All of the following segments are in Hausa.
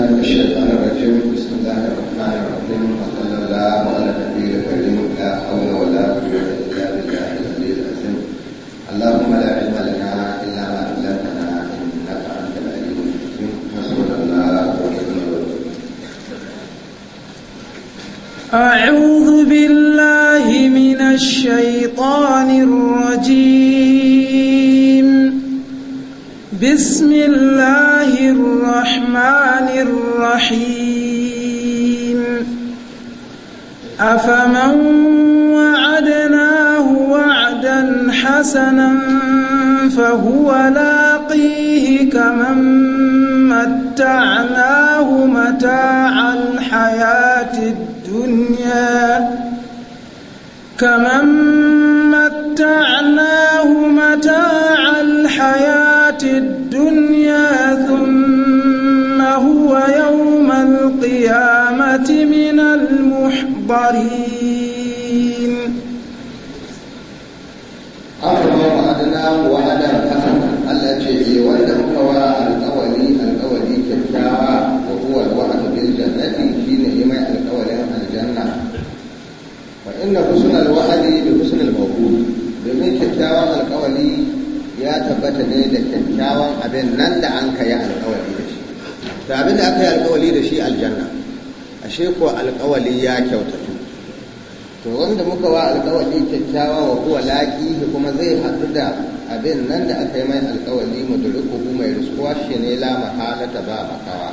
بسم الله الرحمن الرحيم لا ولا قوه الا بالله اللهم لا علم لنا الا ما علمتنا انك انت العليم الله اعوذ بالله من الشيطان الرجيم بسم الله الرحمن الرحيم أفمن وعدناه وعدا حسنا فهو لاقيه كمن متعناه متاع الحياة الدنيا كمن متعناه متاع الحياة الدنيا القيامة من المحضرين أكبر أدنى وأدم أسد التي وأدم قوى القولي القولي كبشاوى وهو الوعد بالجنة حين يمع القولي الجنة فإن حسن الوعد بحسن الموجود domin kyakkyawan alkawali ya tabbata ne da kyakkyawan abin nan da an ka yi alkawari da abin da aka yi alkawali da shi aljanna ashe sheko alkawali ya kyautatu to wanda muka wa alkawali kyakkyawa wa kuwa laƙihi kuma zai haɗu da abin nan da aka yi mai alkawali mudurikuhu mai riskuwa shi ne la ta ba makawa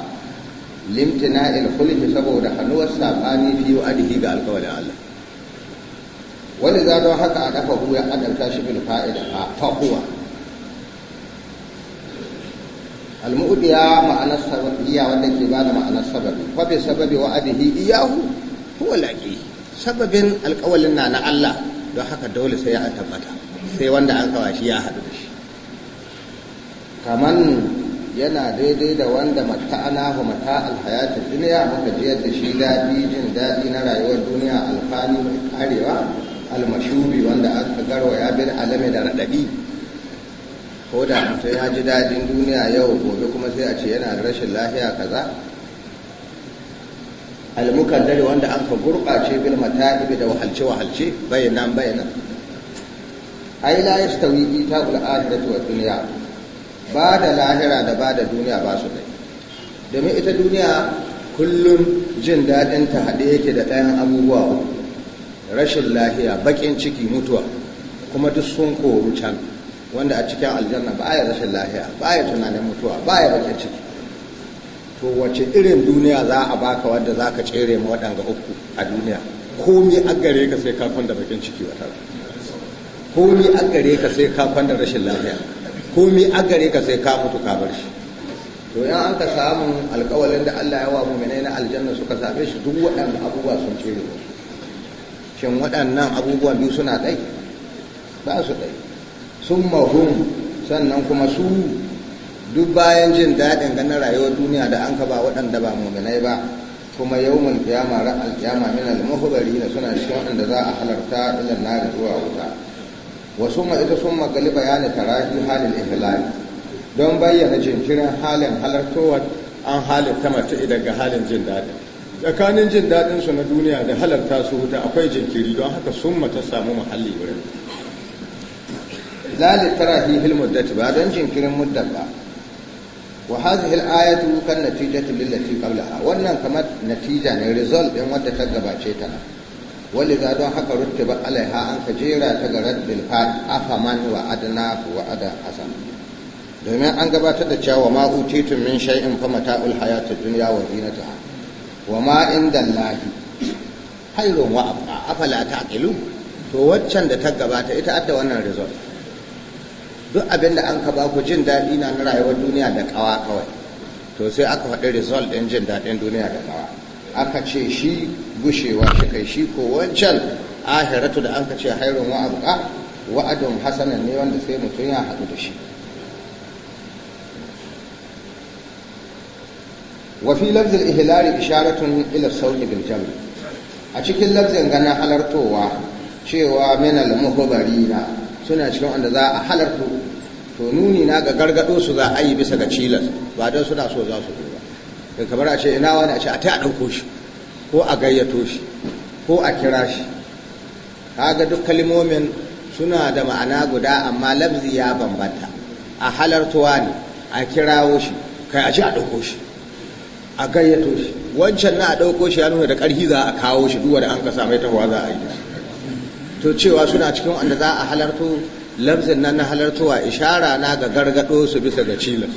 limtina ilkulki saboda hannuwar saɓani fi adihi ga alkawalin Allah wani zaɗo haka a ƙafa ya adalta shi bil fa'ida al-mu'diya ma'anar iya wanda ke bada ma'anar sababi fa bi sababi wa abihi iyahu huwa laqi sababin alƙawalin na na Allah don haka dole sai ya tabbata sai wanda an shi ya haɗu da shi kaman yana daidai da wanda mata'ana wa mata alhayatu duniya muka jiyar da shi daɗi jin daɗi na rayuwar duniya alfani mai karewa almashubi wanda aka ya bin alame da raɗaɗi ko da mutum ya ji dadin duniya yau gobe kuma sai a ce yana da rashin lafiya kaza dare wanda an ka gurɓace bil mata'ibi da wahalce wahalce bayanan bayanan ai la yastawi ita'ul akhirati wa dunya ba da lahira da ba da duniya ba su dai domin ita duniya kullum jin daɗin ta haɗe yake da ɗayan abubuwa rashin lafiya baƙin ciki mutuwa kuma duk sun koru can wanda a cikin aljanna ba ya rashin lahiya ba ya tunanin mutuwa ba ya bakin ciki to wace irin duniya za a baka wanda za ka tsere ma waɗanga uku a duniya komi a gare ka sai kafin da bakin ciki wata komi a gare ka sai kafin da rashin lahiya komi a gare ka sai ka mutu ka bar shi to yan an ka samu alkawalin da Allah ya wa mu'minai na aljanna suka same shi duk waɗanda abubuwa sun tsere shin waɗannan abubuwan biyu suna ɗai ba su ɗai sun mahum sannan kuma su duk bayan jin daɗin ganin rayuwar duniya da an kaba waɗanda ba muminai ba kuma yau mun fiya mara qiyama min al suna cikin wanda za a halarta na da zuwa wuta wasu ma ita sun magali bayani tarahi halin ihlal don bayyana jinkirin halin halartowar an halarta mace daga halin jin daɗi tsakanin jin daɗin na duniya da halarta su wuta akwai jinkiri don haka sun mata samu muhalli wurin lali ta fil muddati ba don jinkirin mudda ba wa hadhihi al-ayatu kan natijatu lillati qablaha wannan kamar natija ne result din wanda ta gabace ta wali za don haka ruttiba alaiha an ka jera ta ga raddil fa'il afaman wa adna wa ada asan domin an gabatar da cewa ma utitun min shay'in fa mata'ul hayatid dunya wa zinatuha wa ma inda lahi hayrun wa afala ta'qilu to waccan da ta gabata ita adda wannan result duk abin da an ka ba ku jin daɗi na na rayuwar duniya da kawa kawai to sai aka faɗi result ɗin jin daɗin duniya da kawa aka ce shi gushewa shi kai shi ko wancan ahiratu da an ka ce hairun wa'abuka wa'adun hasanan ne wanda sai mutum ya haɗu da shi lafzin ihilari isharatun إشارة إلى الصوت A cikin لفظ ganin halartowa, cewa شوى من na. suna cikin wanda za a halarta to nuni na ga gargado su za a yi bisa ga cilas ba don suna so za su ba da kamar a ce ina wani a ce a ta a ɗauko shi ko a gayyato shi ko a kira shi kaga duk kalmomin suna da ma'ana guda amma labzi ya bambanta a halartuwa ne a kirawo shi kai a ce a ɗauko shi a gayyato shi wancan na a ɗauko shi ya nuna da ƙarfi za a kawo shi duk wanda an ka samai tahowa za a yi da shi to cewa suna cikin wanda za a halartu lamsin na na halartuwa ishara na ga gargado su bisa ga cilin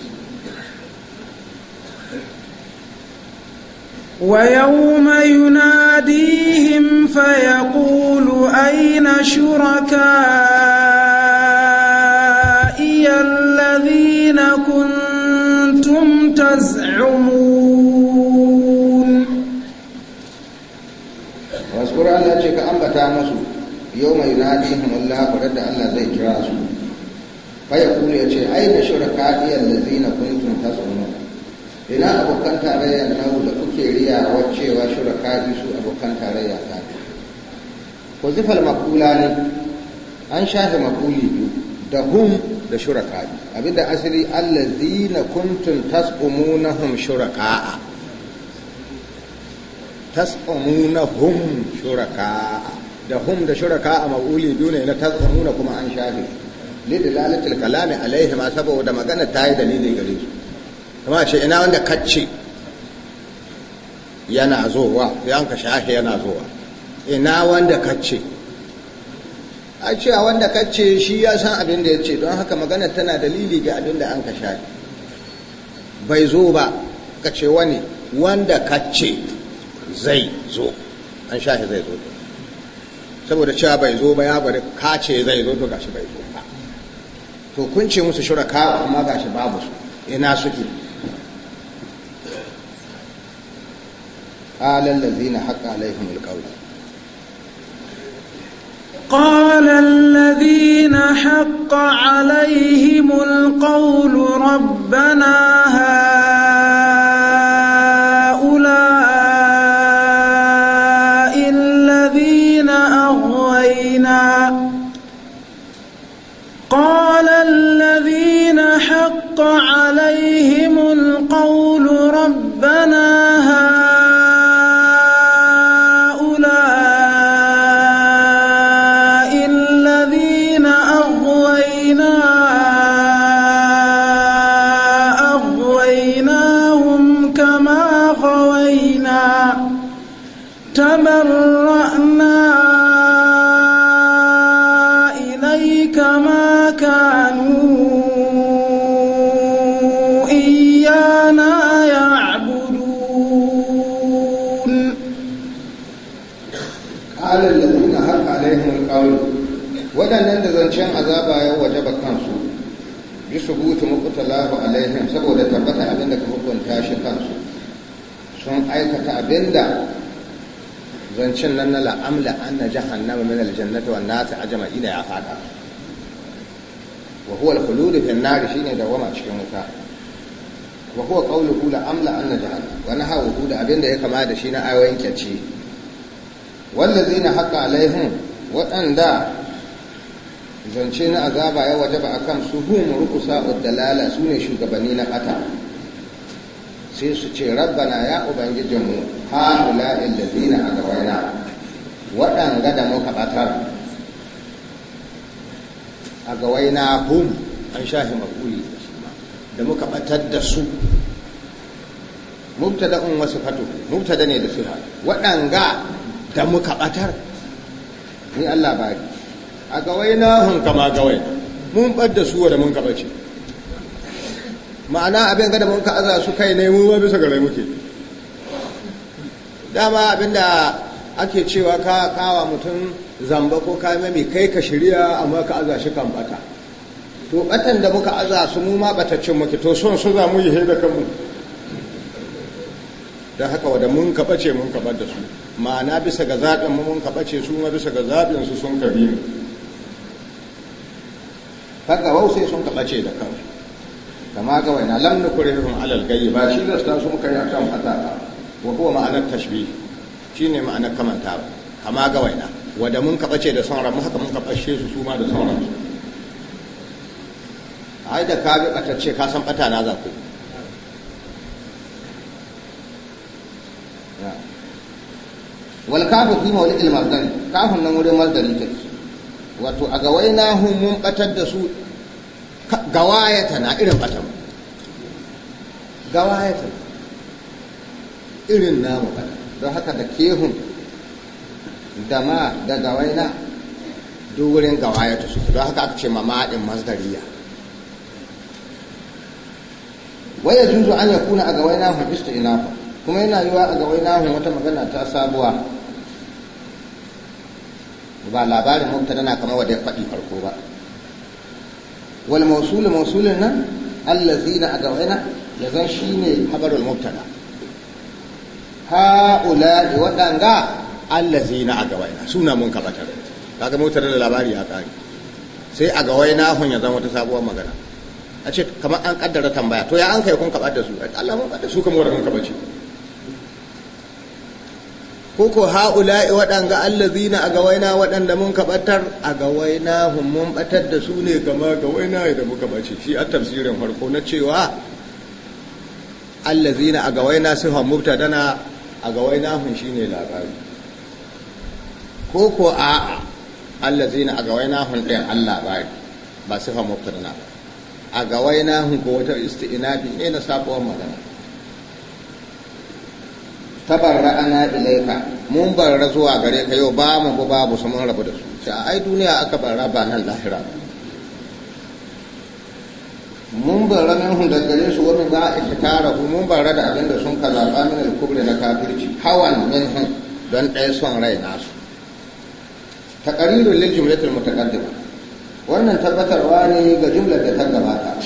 wa yau mai yuna dihim fa ya kulu aina shuraka Wasu ƙura ya ce ka ambata masu yau mai nadihim Allah bare da Allah zai kira su fa ya ce ai da shura aina da zina kuntun kuntum tasunu ina abokan tarayya nawo da kuke riya wacewa shura bi su abokan tarayya ta ko zifal makula ne an shafe makuli biyu da hum da shuraka Abin abinda asali allazina kuntum na hum shura ka'a da hum da shuraka a ma'uli dune na tazamuna kuma an shafe lidilalatul kalami alaihi ma saboda magana ta yi dalili gare su kuma ce ina wanda kacce yana zowa yan ka shafi yana zowa ina wanda kacce a cewa wanda kacce shi ya san abin da ya ce don haka magana tana dalili ga abin da an ka shafe bai zo ba ka ce wani wanda kacce zai zo an shafi zai zo saboda cewa bai zo ba ya bari kace zai zo to gashi bai zo ba to kun ce musu shuraka amma gashi babu su ina suke قال الذين حق عليهم القول قال الذين حق عليهم القول ربنا هذا ikhtilafu alaihim saboda tabbata abinda ka hukunta shi kansu sun aikata abinda zancen nan na la'amla anna jahannama min aljannati wan nati ajma'ina ya fada wa huwa al-khulud fi an-nar shine dawama cikin wuta wa huwa qawluhu la'amla anna jahannama wa nahawu da abinda ya kama da shi na ayoyin kyace wallazina haqa alaihim waɗanda zance na azaba ya wajaba kan su hum rukusa dalala su ne shugabanni na ƙata sai su ce rabbana ya ubangijinmu haula illazina agawaina waɗanga da muka batar agawaina hum an sha shi maquli da muka ɓatar da su mubtada'un wasu fato mubtada ne da sifa waɗanga da muka ɓatar ni Allah ba a gawai na hankama gawai mun ɓadda su da mun kaɓace ma'ana abin gada mun ka aza su kai ne mu bisa gare muke dama abin da ake cewa ka kawa mutum zamba ko ka mai kai ka shirya amma ka aza shi kan bata to batan da muka aza su mu ma bataccen muke to son su za mu yi da kanmu da haka wada mun kaɓace mun kaɓar da su ma'ana bisa ga zaɓin mun kaɓace su ma bisa ga zaɓin su sun kabi mu daga wau sai sun kaɓace da kan kama ga waina kure nukrihum alal gayi ba shi da su muka yi akan hata wa huwa ma'anar tashbih shine ma'anar kamanta kama ga waina wanda mun kaɓace da sauran mu haka mun kaɓace su su ma da sauran su ai da ka bi batacce ka san bata na za ku wal kafu fi mawlidil mazdari kafun nan wurin mazdari take wato a na hun mun batar da su gawayata na irin batan gawayata irin namu batan don haka da kehun da ma da gawaina duk wurin gawayata su don haka aka ce ma maɗin mazdariya waya zuzu an ya kuna a gawaina hun ina inafa kuma yana yiwa a gawaina hun wata magana ta sabuwa ba labarin mutane na kamar wadda ya faɗi farko ba wal mausul mausulin nan allazina a gawaina ya zan shi shine habarul mubtada haula waɗanga allazina a gawaina suna mun kabatar kaga mubtada da labari ya kare sai a gawaina hun ya zan wata sabuwar magana a ce kamar an kaddara tambaya to ya an kai kun kabar da su Allah mun da su kamar mun kabace koko ha'ula'i waɗanga allazina a gawaina waɗanda mun kaɓatar a gawaina mun ɓatar da su ne kama gawaina da muka ɓace shi a tafsirin farko na cewa allazina a gawaina sifan dana a gawaina hun shine labari koko a'a allazina a gawaina hun ɗin an labari ba sifan dana a gawaina hun ko wata isti'inafi ne na sabuwar magana tabarra'ana ilaika mun barra zuwa gare ka yau ba mu babu su mun rabu da su a ai duniya aka barra ba nan lahira mun min hun daga gare su wani za a tara mun barra da abinda sun sun zaɓa min alkubri na kafirci hawan hun don ɗaya son rai nasu taqarirul lil jumlatil mutaqaddima wannan tabbatarwa ne ga jumlar da ta gabata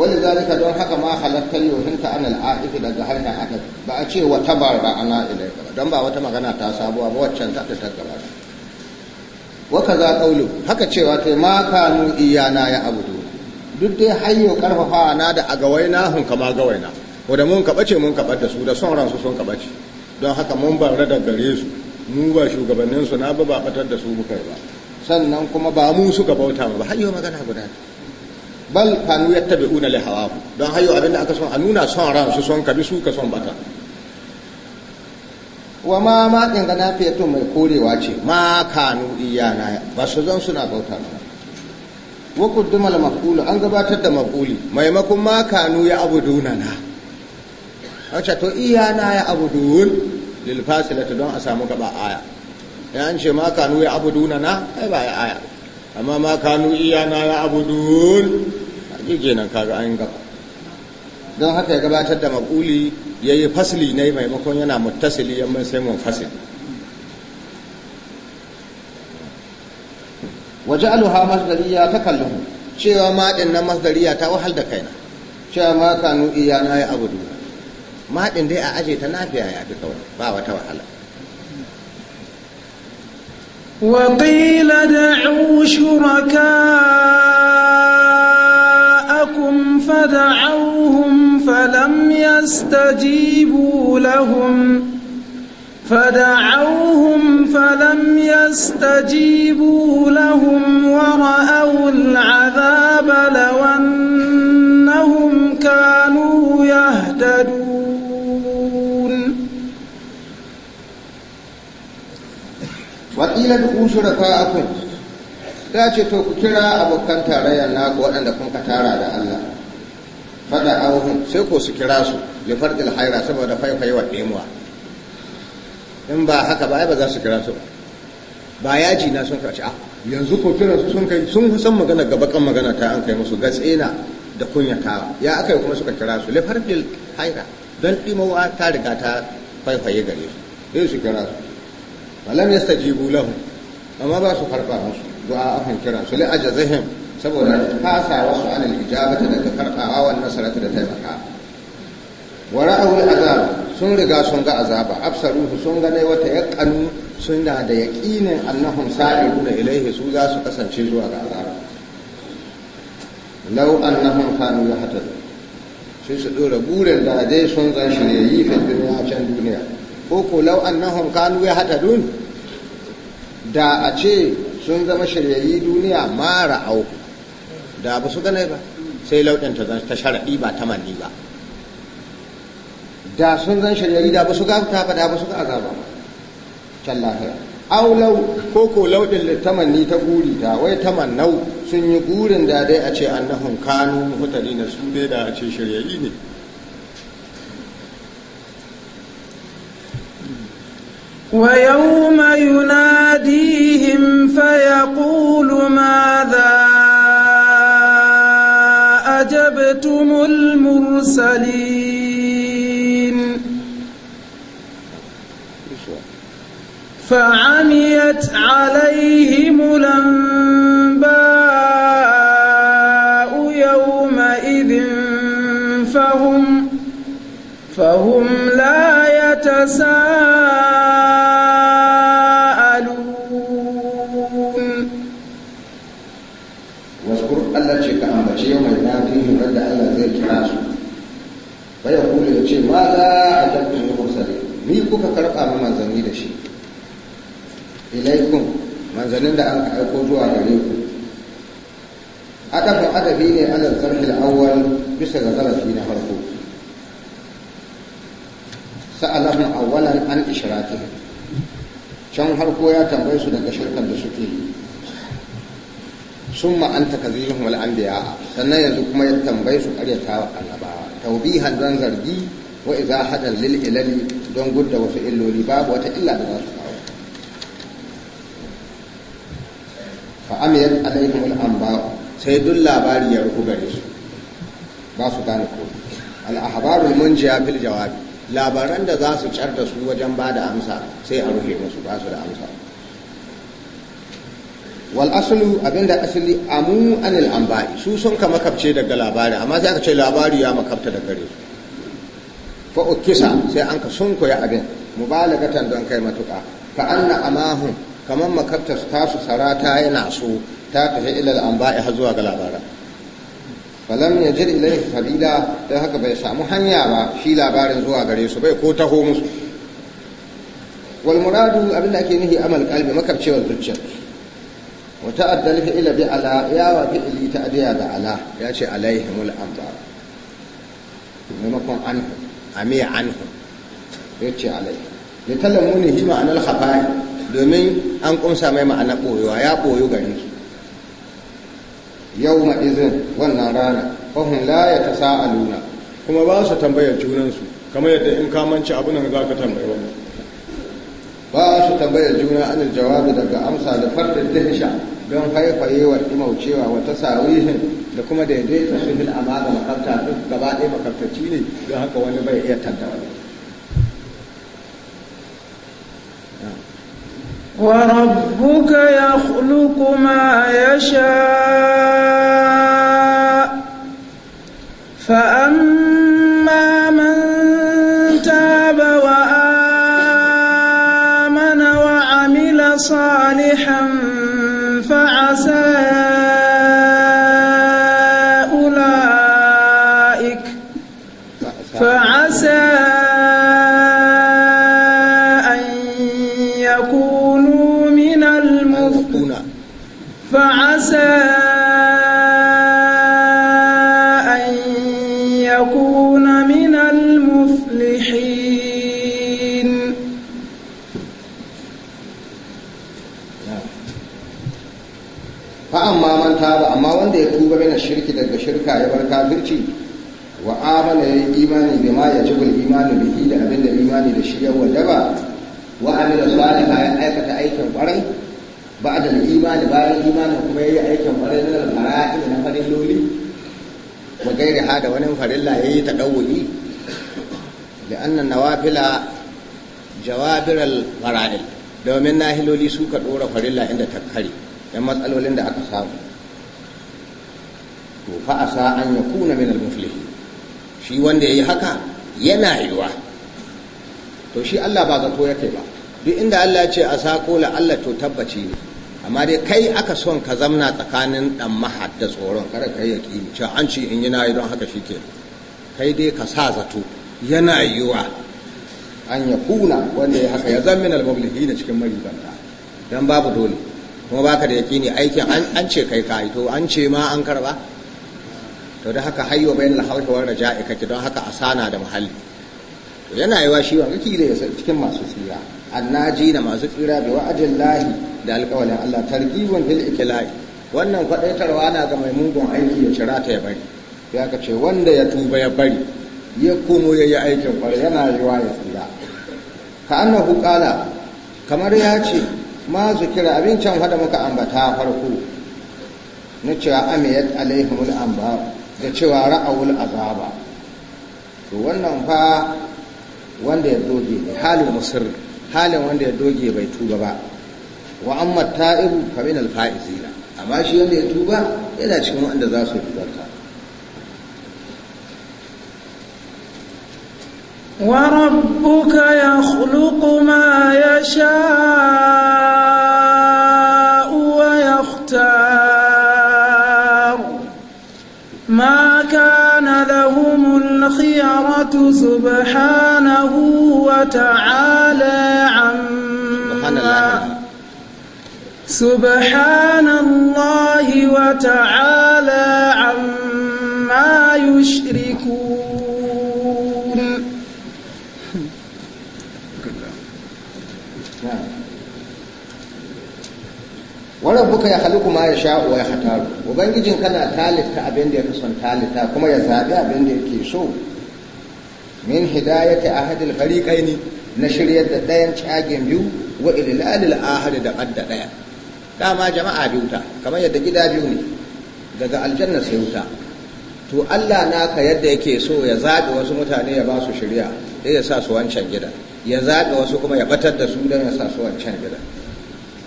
wani zalika don haka ma halartar yohinta an al'a'ifi daga hanyar adab ba a ce wata bara ana ilai don ba wata magana ta sabuwa ba waccan ta ta gabata waka za ƙaulu haka cewa ta ma iya iyana ya abudu duk dai hanyar karfafa na da a gawaina hun kama gawaina wadda mun ce mun kaba da su da son ransu sun kaɓace don haka mun bar da gare su mu ba su na ba ba batar da su muka ba sannan kuma ba mu suka bauta ba hanyar magana guda bal kanu una hawa hawahu don hayo abinda aka son a nuna son ran su son kabi su ka son bata wa ma ma din ga to mai korewa ce ma kanu iyana ba su zan suna bauta wa quddumal maqulu an gabatar da maquli maimakon ma kanu ya abuduna na an ce to iyana ya abudun lil fasilati don a samu gaba aya ya an ce ma kanu ya abuduna na ai ba ya aya amma ma kanu iyana ya abudun yake nan kaga an gaba don haka ya gabatar da makuli ya yi fasili ne maimakon yana mutasili ya mai sai mun fasili waje aluha masdariya ta kallon cewa maɗin na masdariya ta wahal da kaina cewa ma kanu iya na ya abu duna maɗin dai a aje ta nafiya ya fi kawai ba wata wahala وقيل دعوا شركاء دعوهم فلم يستجيبوا لهم فدعوهم فلم يستجيبوا لهم ورأوا العذاب لو أنهم كانوا يهتدون وقيل ادعوا شركاءكم ta لا to ku kira abokan tarayyar naku waɗanda kun fada auhun sai ko su kira su ya farɗi alhaira saboda faifaiwa ɗemuwa in ba haka ba ai ba za su kira su ba yaji na sun kaci a yanzu ko kira su sun kai sun san magana gaba kan magana ta an kai musu gatsina da kunyatawa ya aka kuma suka kira su li fardil haira don ɗimawa ta riga ta faifaye gare su sai su kira su falam jibu lahum amma ba su farfa musu a kan kira su li ajazihim saboda fasa wasu anil ijabata daga karɓawa wal nasarata da taimaka wa ra'awul azab sun riga sun ga azaba absaruhu sun ga ne wata yaqanu suna da yaqinin annahum sa'iruna ilaihi su za su kasance zuwa ga azab law annahum kanu yahtad sai su dora burin da dai sun zan shi ne yi fi duniya can duniya ko ko law annahum kanu yahtadun da a ce sun zama shiryayi duniya mara auku da ba su gane ba sai lauɗin ta ta sharaɗi ba ta manni ba da sun zan shari'ari da ba su ga ta ba da ba su ga azaba can lafiya aulau ko ko lauɗin tamanni ta guri ta wai nau sun yi gurin da dai a ce annahun kanu hutari na su dai da a ce shari'ari ne ويوم يناديهم فيقول ماذا أعجبتم المرسلين فعميت عليهم الأنباء يومئذ فهم فهم لا يتساءلون ma za a dabtun da mursali ni kuka karɓa ma manzanni da shi Ilaikun, manzannin da an ka aiko zuwa gare ku adabin adabi ne alal da awwal bisa ga zarafi na farko sa'alahum awwalan an ishrakihim can harko ya tambaye su daga shirkan da suke yi summa an takazihum al anbiya sannan yanzu kuma ya tambaye su karyata annabawa taubihan zan zargi wa iza hadal lil ilali don gudda wasu illoli babu wata illa da za su kawo fa amiyat alaihim al anba sai duk labari ya rufu gare su ba su gane ko al mun munjiya fil jawabi labaran da za su car da su wajen ba da amsa sai a rufe musu ba su da amsa wal aslu abinda asali amu anil anba'i su sun ka makabce daga labari amma sai aka ce labari ya makabta da gare su fa ukisa sai an ka sunko ya abin mubalagatan don kai matuƙa ka anna amahum kamar makabta ta su sarata yana so ta tafi ilal anba'i har zuwa ga labara falam yajid ilayhi sabila dan haka bai samu hanya ba shi labarin zuwa gare su bai ko taho musu Walmuradu muradu abinda ake nihi amal kalbi makabcewar zuciya wa ta'addal ila bi ala ya wa fi'li ta'diya da ala ya ce alaihimul amiya anhu ya ce alai da talamu ne shi ma'anar hafari domin an kumsa mai ma'anar ɓoyewa ya ɓoyo garin su yau ma'izin wannan rana fahim laye ya ta sa'aluna kuma ba su tambayar junansu kamar yadda in kamanci abin da za ka tambayi wani ba su tambayar juna an jawabi daga amsa da farɗin dahisha don wa imaucewa wata sarihin da kuma daidaita su fil amma da makarta duk gaba ɗaya makartaci ne don haka wani bai iya tanta wani وربك يخلق ما يشاء فأما من تاب وآمن وعمل صالحا kafirci wa amana ya imani da ma ya jibul imani bihi da abin da imani da shi ya wajaba wa amila salihah ya aikata aikin kwarai ba da imani bayan imani kuma ya yi aikin kwarai na fara'id na farin loli wa gairi ha da wani farilla ya yi tadawuli li'annan nawafila jawabiral fara'id domin na nahiloli suka dora farilla inda ta kare dan matsalolin da aka samu to fa sa an kuna min al-muflihin shi wanda ya yi haka yana yiwa to shi Allah ba zato yake ba duk inda Allah ce a sa kola Allah to tabbaci ne amma dai kai aka son ka zamna tsakanin dan mahad da tsoron kada kai ya ki cewa an ce in yana yi don haka shi ke kai dai ka sa zato yana yiwa an ya kuna wanda ya haka ya zama al-mublihi da cikin maribanta dan babu dole kuma baka da ne aikin an ce kai ka to an ce ma an karba to da haka hayyo bayan lahawshi wa raja'i kake don haka asana da muhalli to yana yiwa shi wa kake da yasa cikin masu tsira annaji na masu tsira bi wa'adin lahi da alƙawalin Allah targiban bil ikila'i wannan kwadaitarwa na ga mai mugun aiki ya cira ta ya bari ya ka ce wanda ya tuba ya bari ya komo ya yi aikin kwarai yana yiwa ya tsira ka annahu qala kamar ya ce ma zikira abincin hada muka ambata farko na cewa amiyat alaihimul anba'u da cewa ra'awul azaba to wannan fa wanda ya doge ne halin musir halin wanda ya doge bai tuba ba wa amma ta'ibu fa min al amma shi wanda ya tuba yana cikin wanda za su tubarta وربك يخلق ya yasha الآخرة سبحانه وتعالى عما سبحان الله وتعالى عما يشركون wannan buka ya haliku ma ya wa ya hataru ubangijin kana talita abin da ya son talita kuma ya zaɓi abin da yake so min hidayati ahadil fariqaini na shiryar da ɗayan cagen biyu wa ilalil ahad da qadda da dama jama'a biyu ta kamar yadda gida biyu ne daga aljanna sai wuta to Allah naka yadda yake so ya zaɓi wasu mutane ya ba su shirya sai ya sa su wancan gida ya zaɓi wasu kuma ya batar da su don ya sa su wancan gida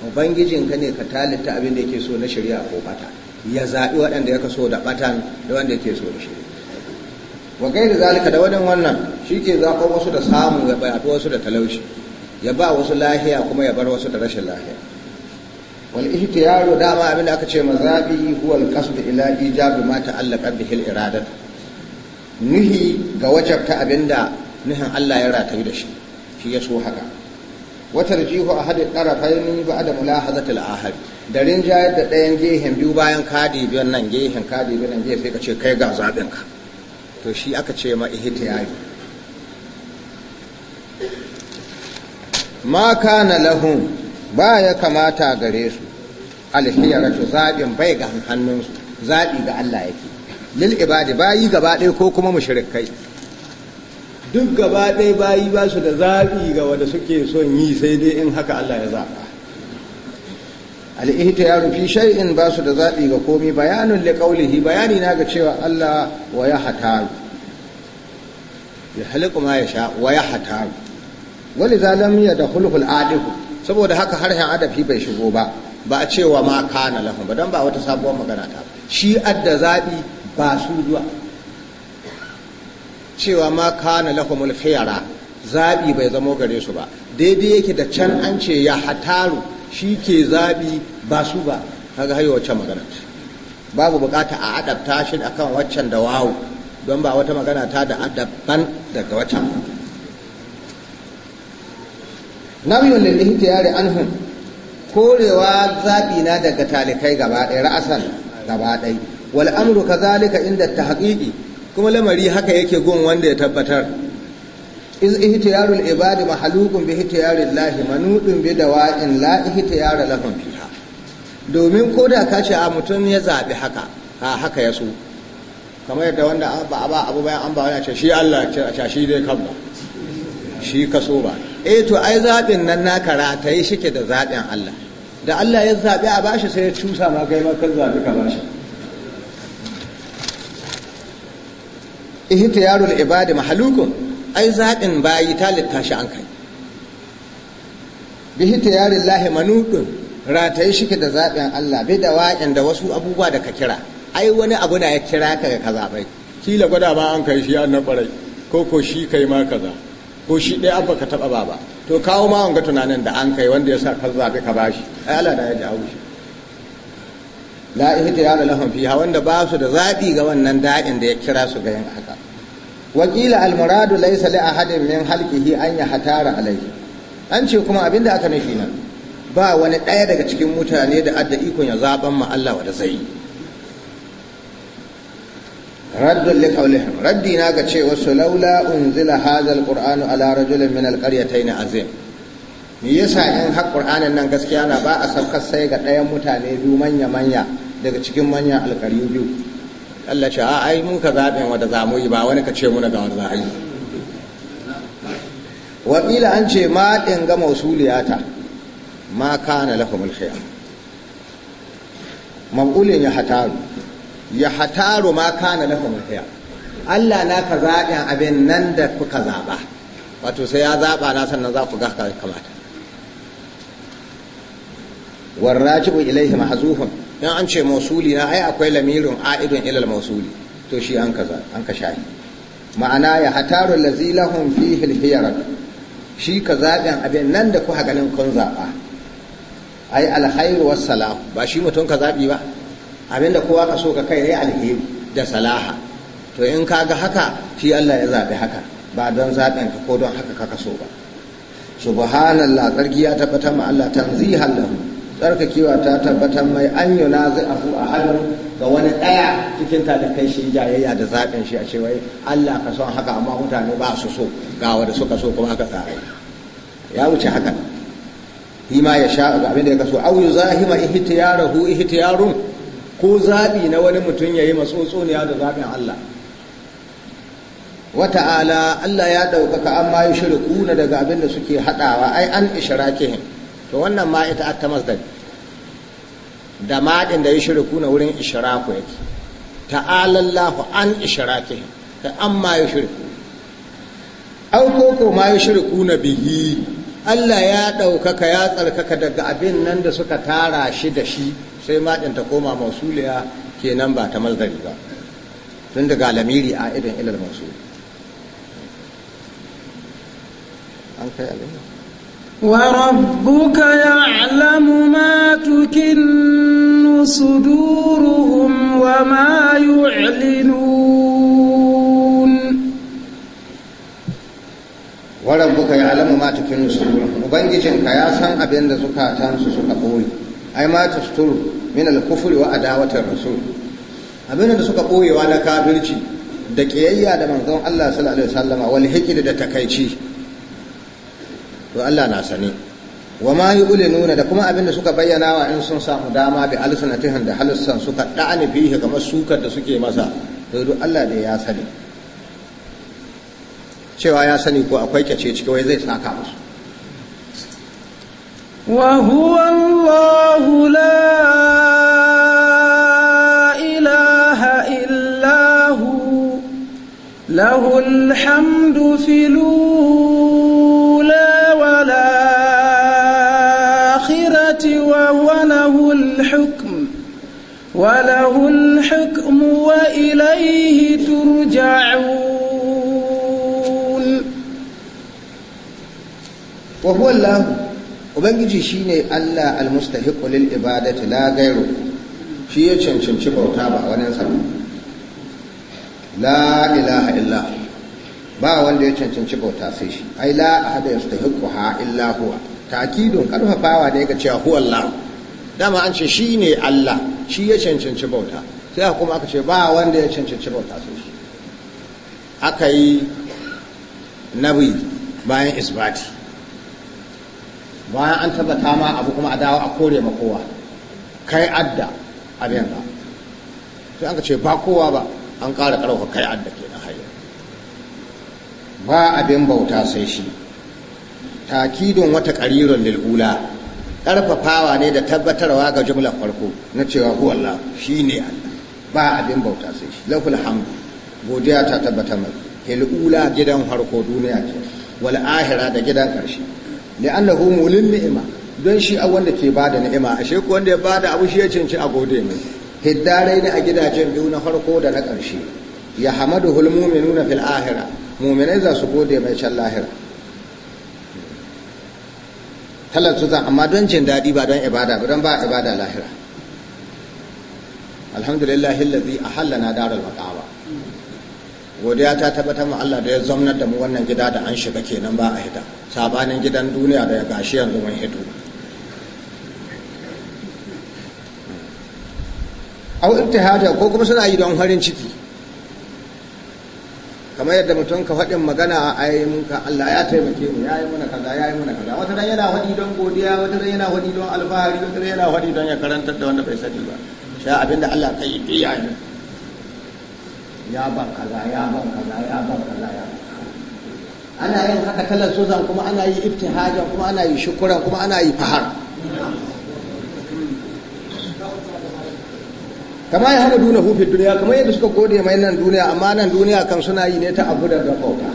ubangijinka ne ka talita abin da yake so na shirya ko bata ya zaɓi waɗanda ya so da batan da wanda yake so da shari'a wa da zalika da wajen wannan shi ke zaɓar wasu da samu ya bayatu wasu da talauci ya ba wasu lahiya kuma ya bar wasu da rashin lahiya wal yaro dama abin da aka ce mazabi huwa al da ila ijabi ma ta'allaqa bihi al iradat nuhi ga wajabta abinda nuhin Allah ya ratayu da shi shi ya so haka وترجيح أحد الطرفين بعد ملاحظة الآخر دارين جاي da ɗayan gehen biyu bayan kadi biyan nan gehen kadi biyan nan gehen sai ka ce kai ga zaɓin ka to shi aka ce ma ihtiyari ma na lahum ba ya kamata gare su alhiyaratu zaɓin bai ga hannunsu zaɓi ga Allah yake lil ibadi bayi gaba ɗaya ko kuma mushrikai duk gaba ɗaya bayi ba su da zaɓi ga wanda suke son yi sai dai in haka Allah ya zaɓa al'ihita ya rufi shay'in ba su da zaɓi ga komi bayanin da ƙaulihi bayani na ga cewa Allah wa ya hataru ya halittu ma ya sha wa ya hataru wani zalam ya da hulhul adihu saboda haka harshen adafi bai shigo ba ba a cewa ma kana lahun ba don ba wata sabuwar magana ta shi adda zaɓi ba su zuwa cewa ma kana lahumul khiyara zabi bai zamo gare su ba daidai yake da can an ce ya hataru shi ke zabi ba su ba kaga hayo wacce magana babu bukata a adabta shi akan waccan da wawu don ba wata magana ta da adabban daga waccan nabiyun lillahi tayari anhum korewa zaɓi na daga talikai gaba ɗaya ra'asan gaba ɗaya wal amru kadhalika inda tahqiqi kuma lamari haka yake gun wanda ya tabbatar iz ihtiyarul ibadi mahluqun bi ihtiyaril lahi manudun bi dawa'in la ihtiyara lahum fiha domin koda ka ce a mutum ya zabi haka a haka ya so kamar yadda wanda ba ba abu bayan an ba wani ce shi Allah ce shi dai kan ba shi ka so ba eh to ai zaɓin nan naka yi shike da zaɓin Allah da Allah ya zaɓi a bashi sai ya cusa ma kai ma kan zaɓi ka bashi ihtiyarul ibadi mahalukun ai zaɓin bayi ta littashi an kai bi yaro lahi manudun rataye shi da zaɓin Allah bi da waƙin da wasu abubuwa da ka kira ai wani abu na ya kira ka ga kaza bai kila gwada ma an kai shi an na kwarai ko ko shi kai ma kaza ko shi ɗaya abba ka taɓa ba to kawo ma wanga tunanin da an kai wanda ya sa ka zaɓi ka bashi ai Allah na ya ji haushi la ihtiyara lahum fiha wanda ba su da zaɓi ga wannan da'in da ya kira su ga yin haka wakila almuradu laysa li ahadin min halqihi an yahtara alayhi an ce kuma abinda aka nufi nan ba wani ɗaya daga cikin mutane da adda ikon ya zaban ma Allah wanda sai li qawlihim raddi na ga cewa su laula unzila hadha alqur'anu ala rajulin min alqaryatayn azim me yasa in har qur'anin nan gaskiya na ba a saukar sai ga ɗayan mutane biyu manya manya daga cikin manyan alƙaryu biyu Allah ce a ai mun ka zaɓin wanda za mu yi ba wani ka ce muna ga wanda za a yi wakila an ce ma ɗin ga mausuliyata ma na lafa mulkiya mabulin ya hataru ya hataru ma na lafa mulkiya Allah na ka zaɓin abin nan da kuka zaɓa wato sai ya zaɓa na sannan za ku ga kamata warrajibu ilaihi mahzufun dan an ce mausuli na ai akwai lamirin a'idun ilal mausuli to shi an kaza an ka shayi ma'ana ya hataru lazi lahum fihi shi ka zaɓen abin nan da kuka ganin kun zaɓa ai alkhairu wassalam ba shi mutum ka zaɓi ba abin da kowa ka so ka kai yayi alheri da salaha to in ka ga haka shi Allah ya zaɓi haka ba don zaɓen ka ko don haka ka kaso ba subhanallah tsarki ya tabbatar ma Allah tanzihan lahu tsarkakewa ta tabbatar mai an yi na zai afu a hannun ga wani ɗaya cikin talakai shi jayayya da zaɓin shi a cewa Allah ka son haka amma mutane ba su so ga wanda suka so kuma haka tsare ya wuce haka yi ma ya sha ga abin da ya kaso au yu zahima ihtiyarahu ihtiyarun ko zaɓi na wani mutum ya yi matsotsoniya da zaɓin Allah ta'ala Allah ya ɗaukaka amma yi shirku na daga abin da suke haɗawa ai an ishirakihim to wannan ma ita at-masdar da maɗin da ya shirku na wurin ishiraku yake ta'alallahu an ishiraki ta an ma ya shirku au koko ma ya shirku na bihi Allah ya ɗaukaka ya tsarkaka daga abin nan da suka tara shi da shi sai maɗin ta koma ke kenan ba ta malgari ba tun daga lamiri a idan ilal mausuli an kai abin nan وربك يعلم ما تكن صدورهم وما يعلنون وربك يعلم ما تكن صدورهم وبنجيجنك يا سان أبين زكاتان سوكا بوي أي ما تستر من الكفر وأداوة الرسول أبين da suka ɓoyewa na kafirci da ƙiyayya da manzon Allah sallallahu alaihi wasallama wal to Allah na sani wa ma nuna da kuma abin da suka bayyana wa in sun samu dama bi alsanatihin da halussan suka da'ani fihi kamar sukar da suke masa to duk Allah ne ya sani cewa ya sani ko akwai kace ciki wai zai saka musu wa huwa Allahu la له الحمد في الأولى وله الحكم وإليه ترجعون وهو الله Ubangiji shi ne Allah almustahiqu لا غيره في gairu shi ya cancanci bauta ba wani sa la ilaha illa ba wanda ya cancanci bauta sai shi ai la ahada yastahiqu ha illa huwa ta'kidun karfafawa da yake cewa huwa Allah dama an ce shi ne Allah shi ya cancanci bauta sai kuma aka ce ba wanda ya cancanci bauta sun shi aka yi nabi bayan isbati bayan an tabbata ma abu kuma a dawo a kore ma kowa kai adda abin ba sai aka ce ba kowa ba an ƙara ƙarfa kai adda ke na hanyar ba abin bauta sai shi takidin wata ƙaririn lil'ula ƙarfafawa ne da tabbatarwa ga jumlar farko na cewa huwa shi ne Allah ba abin bauta sai shi laful hamdu godiya ta tabbata mai hil'ula gidan farko duniya ce wal ahira da gidan ƙarshe li'annahu mulin ni'ima don shi a wanda ke bada ni'ima ashe ko wanda ya bada abu shi ya cinci a gode mai hiddarai ne a gidajen biyu na farko da na ƙarshe ya hamadu hulmuminu na fil ahira muminai za su gode mai can lahira talar zan amma don jin daɗi ba don ibada ba don ba ibada lahira alhamdulillah hillabi a hallana darar maƙawa godiya ta tabbatar mu Allah da ya zamnar da mu wannan gida da an shiga kenan ba a hita sabanin gidan duniya da ya gashi yanzu mun hito au intihada ko kuma suna yi don farin ciki kamar yadda mutum ka faɗin magana a yi ka Allah ya taimake mu ya yi mana kaza ya yi mana kaza wata dan yana faɗi don godiya wata dan yana faɗi don alfahari wata dan yana faɗi don ya karantar da wanda bai sani ba sha abinda Allah ka yi biya ya ban kaza ya ban kaza ya ban kaza ya ana yin haka talar sozan kuma ana yi iftihajan kuma ana yi shukuran kuma ana yi fahar kama ya hana duna hufin duniya kamar yadda suka gode mai nan duniya amma nan duniya kan suna yi ne ta abu da bauta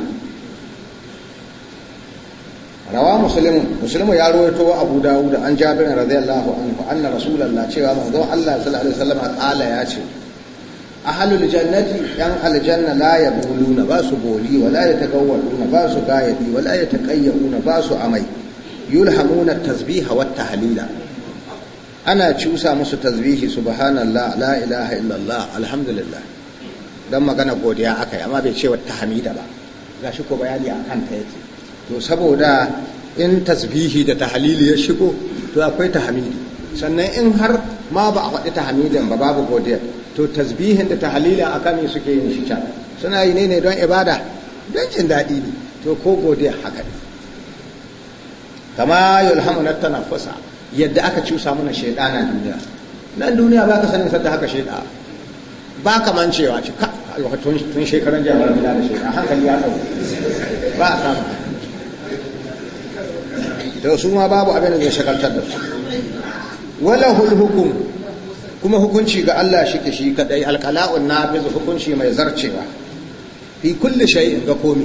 rawa muslimu muslimu ya wa abu da an jabirin radiyallahu anhu anna rasulullah cewa manzon Allah sallallahu alaihi wasallam qala ya ce ahlul jannati yan aljanna la yabuluna ba su boli wa la yatagawwaluna ba su gayadi wa la yataqayyuna ba su amai yulhamuna tasbiha wat tahlila ana cusa musu tasbihi subhanallah la ilaha illallah alhamdulillah dan magana godiya akai yi amma bai ce tahmida hamida ba gashi ko bayani a ta yake to saboda in tasbihi da tahlili ya shigo to akwai tahamidi sannan in har ma ba a faɗi tahamidan ba babu godiya to tasbihin da tahalila akan ne suke yin shi can suna yi ne ne don ibada don jin daɗi ne to ko godiya haka ne kama yulhamu na tanaffusa yadda aka cusa mana shaidana duniya nan duniya ba ka sanin sadda haka shaida ba ka mancewa ci ka tun shekaran jami'ar gida da shaida hankali ya tsawo ba a samu da su ma babu abin da zai shagaltar da su wala hukum kuma hukunci ga Allah shike shi kadai alqala'un nabiz hukunci mai zarcewa fi kulli shay'in ga komi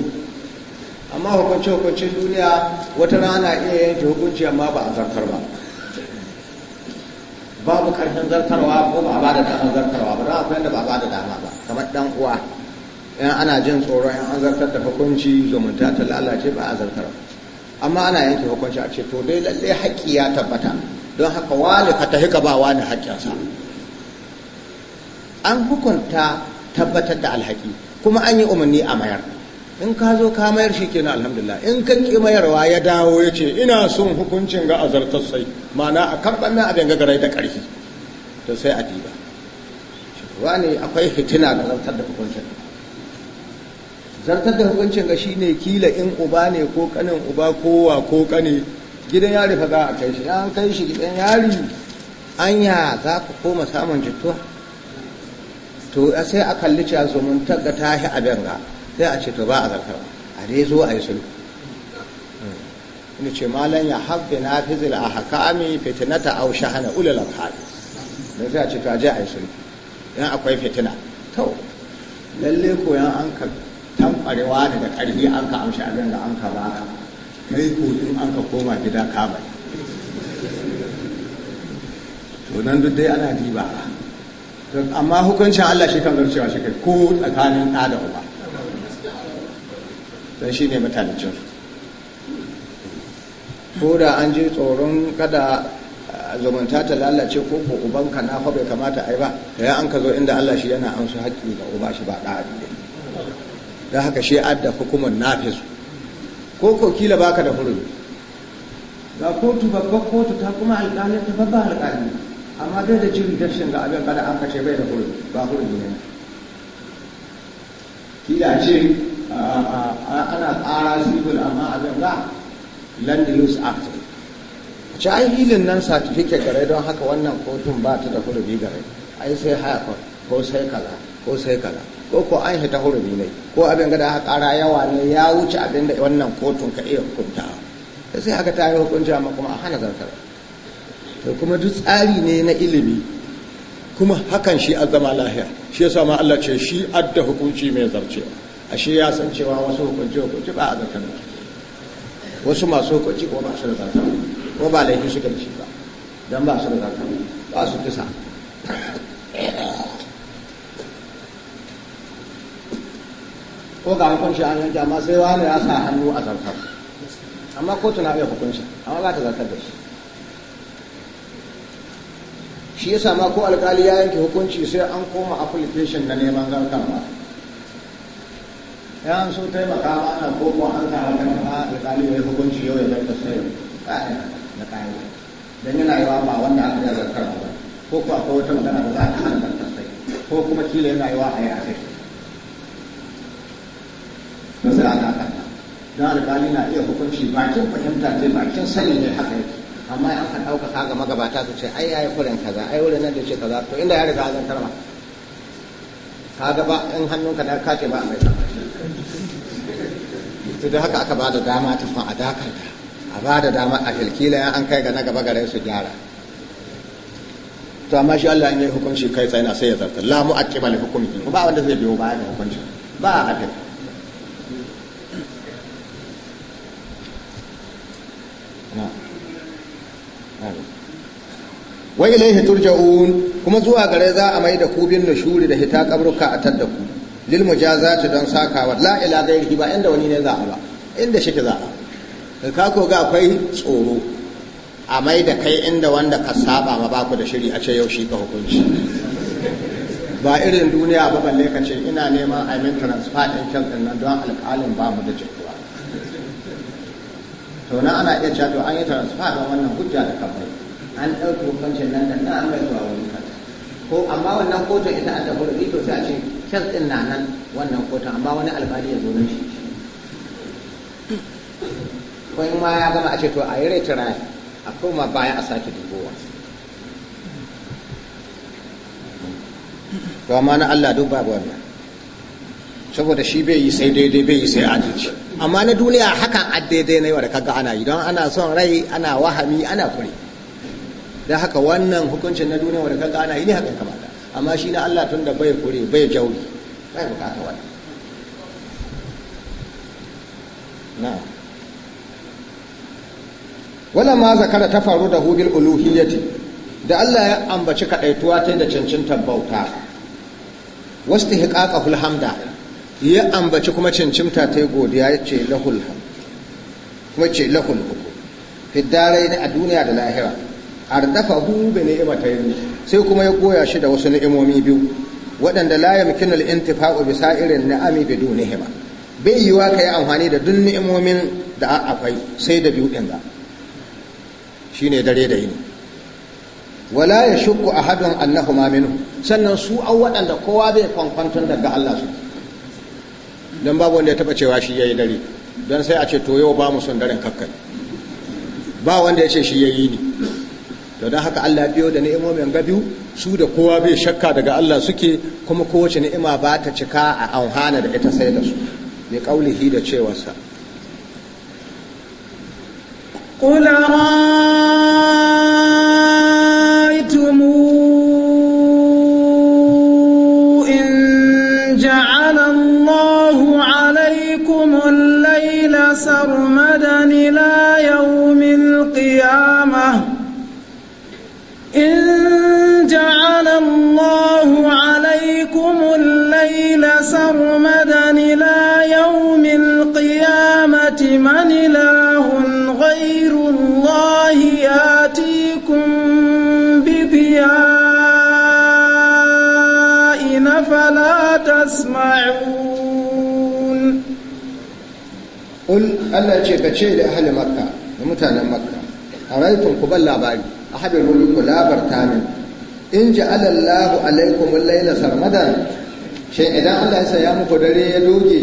amma hukunci hukuncin duniya wata rana iya yanke hukunci amma ba a zartar ba babu ƙarfin zartarwa ko ba bada ba da damar zartarwa ba don akwai da ba ba da dama ba kamar ɗan uwa yan ana jin tsoro yan an zartar da hukunci zumunta ta lalace ba a zartar amma ana yanke hukunci a ce to dai lalle haƙƙi ya tabbata don haka wali ka tafi ka ba wani haƙƙinsa an hukunta tabbatar da alhaki kuma an yi umarni a mayar in ka zo ka mayar shi kenan alhamdulillah in ka ki mayarwa ya dawo ya ce ina son hukuncin ga azartar sai mana a kan ɓannan abin gagarai da ƙarfi to sai a diba ne akwai fitina ga zartar da hukuncin zartar da hukuncin ga shine kila in uba ne ko kanin uba kowa ko kane gidan yari fa za a kai shi an kai shi gidan yari anya za ku koma samun jittuwa to sai a kalli cewa zumuntar ga tahi abin ga sai a ce to ba a ba a ne zo a yi sulhu ni ce malan ya habbi na fizil a hakami fitinata au shahana ulal alhali dan sai a ce to a je a yi sulhu dan akwai fitina to lalle ko yan an ka tambarewa daga karfi an ka amshi abin da an ka ka kai ko in an ka koma gida ka bai to nan duk dai ana diba amma hukuncin Allah shi kan zarcewa shi kai ko tsakanin ɗa da uba don shi ne matalicin ko da an ji tsoron kada eh, zumunta ta lalace ko ko ubanka na fa bai kamata a yi ba Ta yi an ka zo inda Allah shi yana su haƙƙi ga uba shi ba ne da haka shi adda hukumar su ko ko kila baka da hurin ga kotu babbar kotu ta kuma alƙali ta babba alƙali amma bai da jin dashin ga abin kada an kace bai da hurin ba hurin ne kila ce ana ƙara civil amma abin ga land use act ci ai hilin nan certificate gare don haka wannan kotun ba ta da hurubi gare ai sai haya ko sai kaza ko sai kaza ko ko an hita hurubi ne ko abin ga da aka ƙara yawa ne ya wuce abin da wannan kotun ka iya hukunta sai haka ta yi hukunci amma kuma a hana zartar to kuma duk tsari ne na ilimi kuma hakan shi a zama lahiya shi yasa ma Allah ce shi adda hukunci mai zarcewa ashe ya san cewa wasu hukunci hukunci ba a zartar wasu masu hukunci ko ba su da zartar ko ba laifin su gani shi ba don ba su da zartar ba su kisa ko ga hukunci an yanke amma sai wani ya sa hannu a zartar amma kotu na iya hukunci amma ba ta zartar da shi shi yasa ma ko alkali ya yanke hukunci sai an koma application na neman ba yawan su taimaka ba ana koko an sa wata kana alƙali mai hukunci yau ya zarta sai ƙa'ida da ƙa'ida don yana yawa ba wanda aka yi zartar ba ko ko akwai wata magana da za a kan ta sai ko kuma kila yana yawa a yi a sai ba sai ana kan don alƙali na iya hukunci bakin fahimta ce bakin sani ne haka yake amma ya ka ɗaukaka ga magabata su ce ai yayi kuren kaza ai wurin nan da ce kaza to inda ya riga a tarba ka ga ba in hannunka da ka ce ba a mai su da haka aka ba da dama ta fa a dakata a ba da dama a hilkila an kai ga na gaba gare su gyara to amma shi Allah ya yi hukunci kai tsaye na sai ya zarta la mu'aqqiba li hukmihi ba wanda zai biyo baya da hukunci ba a tafi wa ilaihi turja'un kuma zuwa gare za a mai da ku bin da hita kabruka a tadda ku lil mujazati don sakawa la ila ghairihi ba inda wani ne za a ba inda shi za a ka ko ga akwai tsoro a mai da kai inda wanda ka saba ma baku da shiri a ce yau shi ka hukunci ba irin duniya ba balle ka ce ina neman a min transfer din kyan nan don alƙalin ba mu da jikuwa to na ana iya cewa an yi transfer don wannan hujja da kafai an ɗauki hukuncin nan da na an bai zuwa wani kata ko amma wannan kotun ita an da ito to sai a ce kes tsin na nan wannan kotun amma wani alfahari ya zo nan shi ko in ma ya gama a ce to a yi rai retira a koma bayan a sake dubowa to amma na Allah duk babu wannan saboda shi bai yi sai daidai bai yi sai adalci amma na duniya hakan na ne wanda kaga ana yi don ana son rai ana wahami ana kure don haka wannan hukuncin na duniya wanda kaga ana yi ne haka kamar amma shi na Allah tun da bai kure bai jauri bai bukata wani na wala ma zakara ta faru da hubil uluhiyyati da Allah ya ambaci kaɗaituwa ta da cancanta bauta wasu hiƙaƙa hulhamda ya ambaci kuma cancanta ta yi godiya ya ce lahul kuma ce lahul hukum fiddarai ne a duniya da lahira ardafahu bi ni'matayn sai kuma ya koya shi da wasu ni'imomi biyu waɗanda la yamkinu al-intifa'u bi sa'irin ni'ami ba bai yiwa kai amfani da duk ni'imomin da akwai sai da biyu din ga shine dare da yini wala yashukku ahadun annahuma minhu sannan su au waɗanda kowa bai kwankwantar daga Allah su don babu wanda ya taba cewa shi yayi dare don sai a ce to yau ba mu son daren kakkai ba wanda ya ce shi yayi ni da don haka Allah biyo da ni'imomin ga biyu su da kowa bai shakka daga Allah suke kuma kowace ni'ima ba ta cika a auhana da ita sai da su mai kaulihi da cewarsa qul فلا تسمعون قل الله ce ka ce da ahli makka da mutanen makka araitun ku ban labari ahadiru ku labarta min in ja'ala Allahu alaikum al-layla sarmadan shin idan Allah ya saya muku dare ya doge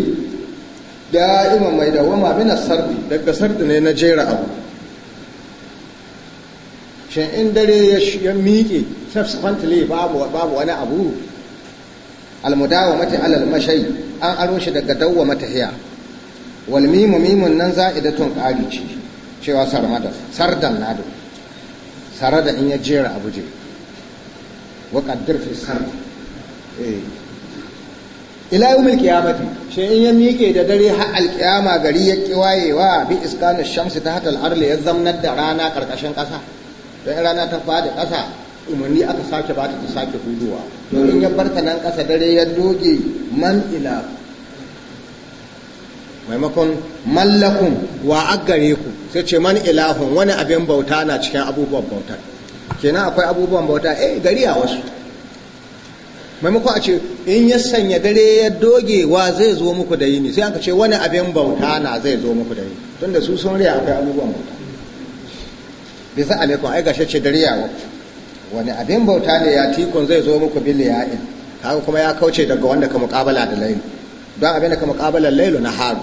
da'iman mai dawama min sardi daga sardi ne na jera abu shin in dare ya miƙe subsequently babu babu wani abu almudawamati alal mashay an aro shi daga dawwama tahiya wal mimu mimun nan za'idatun qari ce cewa sarmada sardan nadu sarada in ya jera abuje wa qaddar fi sarda eh ila yawmil qiyamati shi in ya miƙe da dare har alqiyama gari ya kiwayewa bi iskanu shamsi ta hatal arli ya zamnar da rana karkashin ƙasa don rana ta fadi ƙasa umarni aka sake bata ta sake huduwa domin ya bar ta nan ƙasa dare ya doge man ila maimakon mallakun wa aggare ku sai ce man ilahun wani abin bauta na cikin abubuwan bauta kenan akwai abubuwan bauta eh gari a wasu maimakon a ce in ya sanya dare ya doge wa zai zo muku da yini sai aka ce wani abin bauta na zai zo muku da yini tunda su sun riya akwai abubuwan bauta bisa alaikun ai gashe ce dare ya wakku wani abin bauta ne ya tikon zai zo muku bil ya'in kaga kuma ya kauce daga wanda ka muqabala da lailu don abin da ka muqabala lailu na haru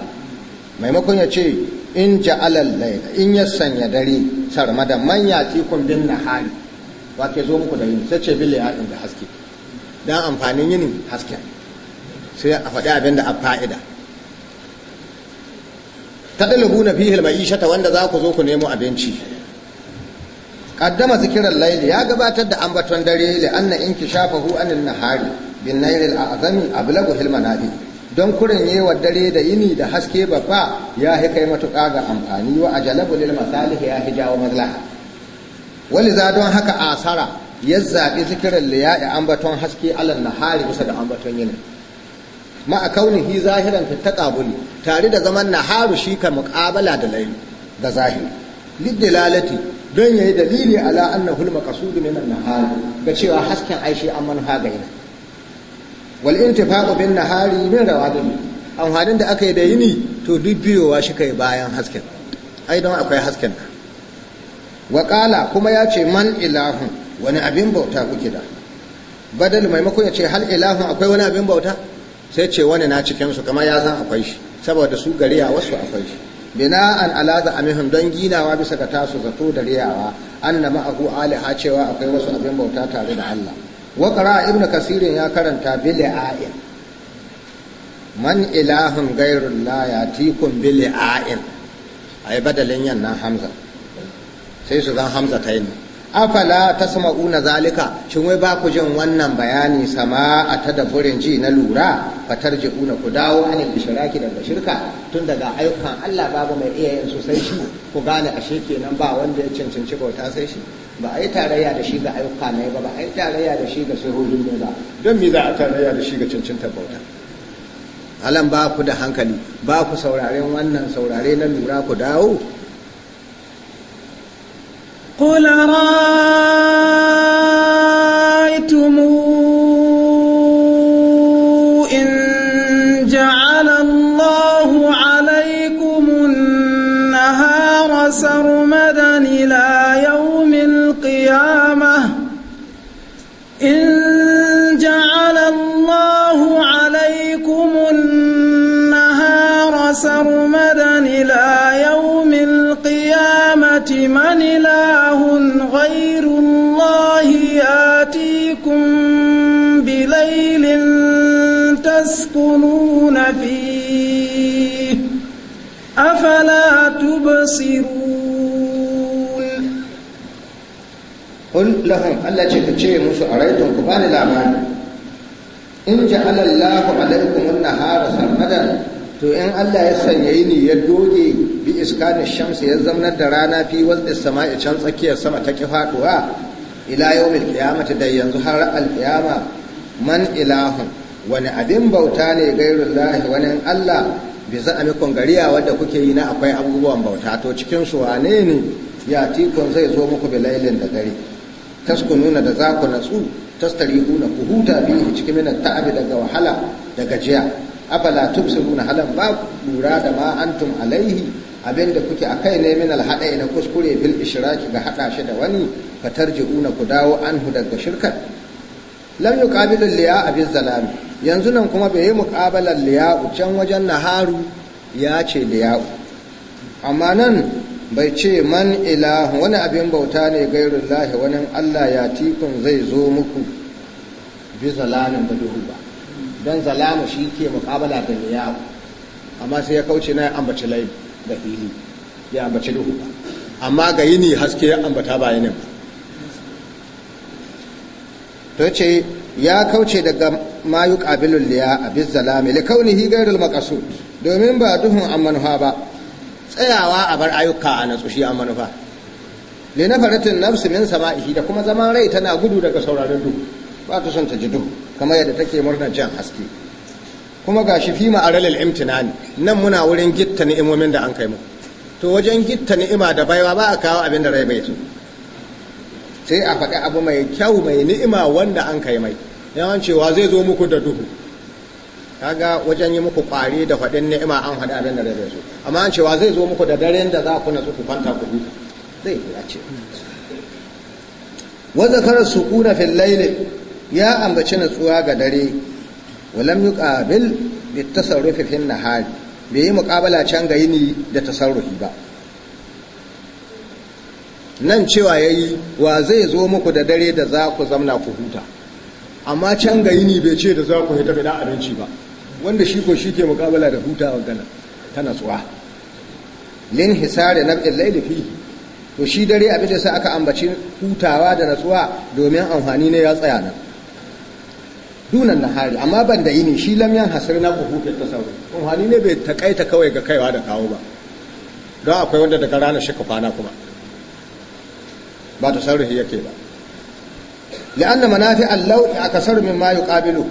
maimakon ya ce in ja'ala laila in ya sanya dare sarmada man ya tikon bin nahari wa ke zo muku da yin sai ce bil ya'in da haske dan amfanin yini haske sai a faɗi abin da a fa'ida Ta na fihi mai maishata wanda za ku zo ku nemo abinci qaddama zikiran layli ya gabatar da ambaton dare li anna shafa hu'anin nahari bin nailil a'zami ablagu hil manabi don kurin wa dare da yini da haske babba ya hi kai matuƙa ga amfani wa ajalabu lil masalih ya hi jawo Wani waliza don haka asara ya zaɓi zikirin liya'i ambaton haske alal nahari bisa da ambaton yini ma a kaunihi zahiran ta ƙabuli tare da zaman naharu shi ka muƙabala da laili da zahiri lidilalati don yi dalili ala hulma al-maqsud min na ga cewa hasken aishi an manufa ga yana ta intifaqu bin nahari min rawa rawadin amfanin da aka yi da yini to duk biyowa shi kai bayan hasken ai don akwai hasken waƙala kuma ya ce man ilahun wani abin bauta kuke da badal maimakon ya ce hal ilahun akwai wani abin bauta sai ce wani na cikinsu kamar ya san akwai shi saboda su gari a wasu akwai shi bina'an alaza da amihim don ginawa bisa ga tasu zato da riyawa na ma'ahu aliha cewa akwai wasu abin bauta tare da Allah waƙara a ibnu kasirin ya karanta a'in man ilahun gairun la a'in A yi badalin nan hamza sai su zan hamza ta yi afala ta una zalika shin wai ba ku jin wannan bayani sama a tadabburin ji na lura Fatar Una ku dawo anil shiraki daga shirka tun daga ayyukan Allah babu mai iya yin su sai shi ku gane ashe kenan ba wanda ya cancanci bauta sai shi ba a yi tarayya da shi ga ayyuka ne ba ba a yi tarayya da shi ga sirrojin ne ba don me za a tarayya da shi ga cancantar bauta alam ba ku da hankali ba ku sauraren wannan saurare na lura ku dawo قل رأى ce musu a raitun ku bani labari in Allahu alaikum an-nahara sarmadan to in Allah ya sanya yi ne ya doge bi iskanin shamsi ya zamanar da rana fi wasdi sama'i can tsakiyar sama ta kifaduwa ila yawmil qiyamati da yanzu har al man ilahun wani abin bauta ne gairun lahi wani Allah bi gari a wadda kuke yi na akwai abubuwan bauta to cikin su wane ne ya tikon zai zo muku bilailin da dare taskununa da za ku natsu tastarihuna ku huta bihi cikin minan ta'abi daga wahala da gajiya afala tubsiruna halan ba lura da ma antum alaihi abinda kuke akai ne min alhadai na kuskure bil ishraki ga hada shi da wani fatarji'una ku dawo anhu daga shirkat lam yuqabilu liya abiz zalam yanzu nan kuma bai yi muqabalar liya can wajen naharu ya ce liya amma nan bai ce man ila wani abin bauta ne gairun lahi wani allah ya tikun zai zo muku bi zalamin da duhu ba don zalamu shi ke mukabala da niyawu amma sai ya kauce na ambaci lai da fili ya ambaci duhu ba amma ga yini haske ya ambata ba yinin ba to ce ya kauce daga mayu ƙabilun liya a bi zalami likaunihi gairun makasu domin ba duhun ammanuha ba tsayawa a bar ayyuka a natsu shi a manufa le na faratin nafsu min da kuma zaman rai tana gudu daga sauraron duhu ba ta son ta ji duhu kamar yadda take murna jan haske kuma ga shi fima a ralil imtinani nan muna wurin gitta ni'imomin da an kai mu, to wajen gitta ni'ima da baiwa ba a kawo abin da rai bai sai a faɗi abu mai kyau mai ni'ima wanda an kai mai yawan cewa zai zo muku da duhu kaga wajen yi muku kwari da faɗin ni'ima an faɗi abin da rai bai so amma an cewa zai zo muku da daren da za ku na ku kwanta ku huta zai ce wanda kar su kuna fil layl ya ambaci natsuwa ga dare walam yuqabil bit tasarrufi fil nahar bai yi muqabala can ga yini da tasarrufi ba nan cewa yayi wa zai zo muku da dare da za ku zamna ku huta amma can ga yini bai ce da za ku hita da abinci ba wanda shi ko shi ke muqabala da hutawa gana tana tsuwa lin hisari nab'il layli fi to shi dare abin da sa aka ambaci hutawa da natsuwa domin amfani ne ya tsaya nan dunan nahari amma ban da yini shi lamyan yan hasir na ta tasawuf amfani ne bai takaita kawai ga kaiwa da kawo ba don akwai wanda daga ranar shi kwana kuma ba ta sarrafi yake ba li'anna manafi allau kasar min mayu kabilu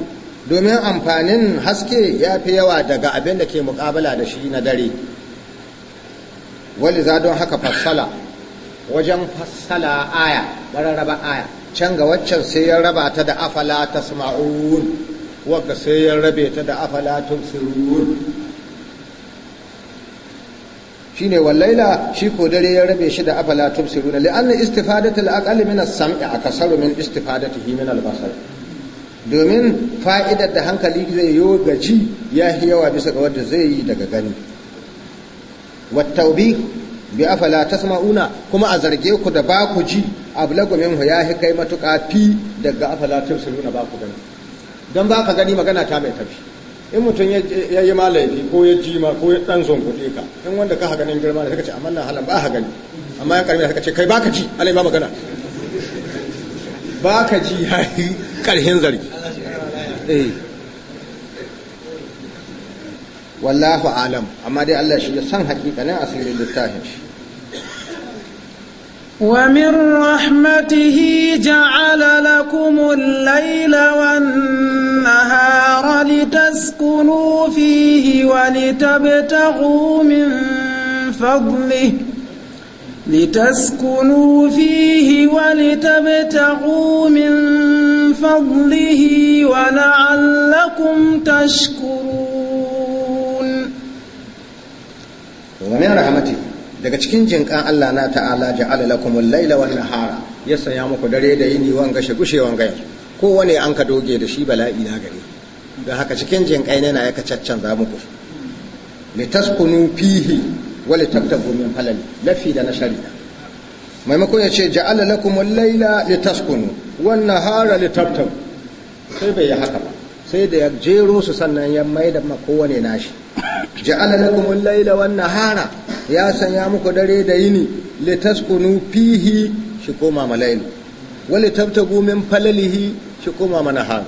domin amfanin haske ya fi yawa daga abin da ke mukabala da shi na dare wali za don haka fassala wajen fassala aya rarraba aya can ga waccan sai ya raba ta da afala ta sama'un wadda sai ya rabe ta da afala tubsirun shine wallaila shi ko dare ya rabe shi da afala tubsirun li'anna istifadatu al-aqal min as-sam'i akasaru min istifadatihi min al-basar domin fa'idar da hankali zai yi ga ji ya yawa bisa ga wanda zai yi daga gani wattaubi bi afala tasma'una kuma a zarge ku da ba ku ji ablagu minhu ya hi kai matuƙa fi daga afala tasma'una ba ku gani dan ba ka gani magana ta mai tafi in mutum ya yi malaifi ko ya ji ma ko ya dan zunguɗe ka in wanda ka ganin girma da kace ce amma nan halan ba ka gani amma ya karbi ka ce kai ba ka ji alai ba magana ba ka ji ya yi ƙarhin zargi wallahu alam amma dai Allah shi ya san hakikanin asirin littafin shi ومن رحمته جعل لكم الليل والنهار لتسكنوا فيه ولتبتغوا من فضله لتسكنوا فيه ولتبتغوا من فضله ولعلكم تشكرون min rahmati daga cikin jinkan Allah na ta'ala ja'ala lakum al-laila wan nahara ya sanya muku dare da yini wan gashe gushe wanga ko kowane an ka doge da shi bala'i na gare don haka cikin jinkai ne na ya kaccan za muku litaskunu fihi wa tabtabu min halali lafi da na shari'a maimakon ya ce ja'ala lakum al-laila litaskunu wan nahara tabtabu sai bai yi haka ba sai da ya jero su sannan ya maida ma kowane nashi ja'ala lakum al-laila an nahara ya sanya muku dare da yini litaskunu fihi shi koma malailu wa tabtagu min falalihi shi koma manahar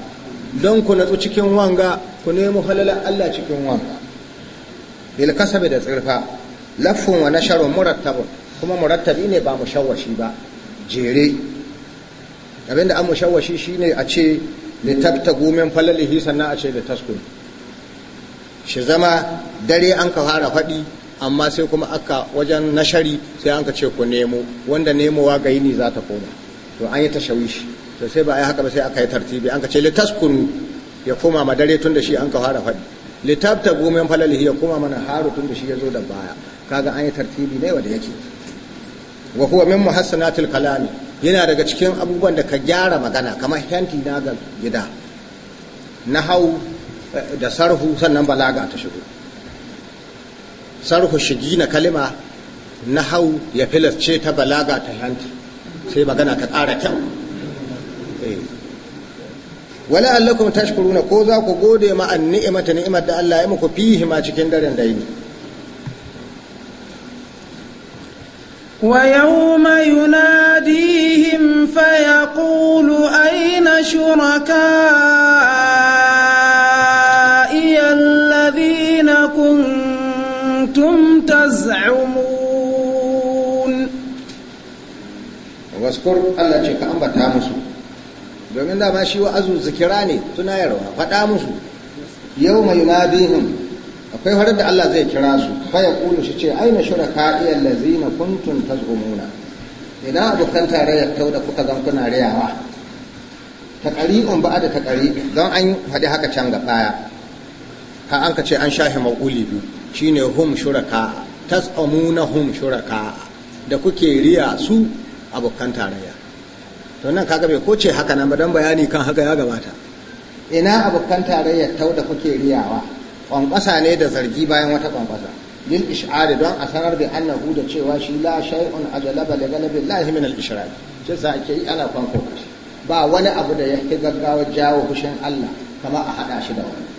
don ku natsu cikin wanga ku nemo halala Allah cikin wanga bil kasabi da tsirfa lafun wa nasharu murattab kuma murattabi ne ba mushawashi ba jere abinda an mushawashi shine a ce litabtagu min falalihi sannan a ce litaskunu shi zama dare an ka fara faɗi amma sai kuma aka wajen nashari sai an ka ce ku nemo wanda nemowa ga yini za ta koma to an yi tashawishi to sai ba a yi haka ba sai aka yi tartibi an ka ce litaskun ya koma ma dare tun da shi an ka fara faɗi litabta gomen falalihi ya koma mana haru tun da shi ya zo da baya kaga an yi tartibi ne wanda yake wa huwa min muhassanatil kalami yana daga cikin abubuwan da ka gyara magana kamar hanti na ga gida na hau da sarhu sannan balaga ta shigo sarhu shigi na kalima na hau ya ce ta balaga ta hanta sai magana ta ƙara kyau eh. allakun tashkuru tashkuruna ko za ku gode ma'an an ni'imata ni'imar da Allah ya muku fihi ma cikin daren da yini ويوم يناديهم فيقول أين shuraka? maskur Allah ce ka ambata musu domin dama shi wa'azu zikira ne yarwa faɗa musu yau mai nadihin akwai har da Allah zai kira su fa ya kulu shi ce aina shuraka iyal lazina kuntum tazumuna ina abokan ya tau da kuka zan kuna rayawa taƙari'un ba da ta ƙari. don an faɗi haka can ga baya Ka an ka ce an sha shahi mauli biyu shine hum shuraka tas'amuna hum shuraka da kuke riya su abokan tarayya to nan kaga bai koce haka nan ba dan bayani kan haka ya gabata ina abokan tarayya tau da kuke riyawa kwankwasa ne da zargi bayan wata kwankwasa lil ish'ari don a sanar da annahu da cewa shi la shay'un ajalaba li galabi llahi min al ishraq ce sa ake yi ana kwanko ba wani abu da yake gaggawa jawo hushin Allah kama a haɗa shi da wani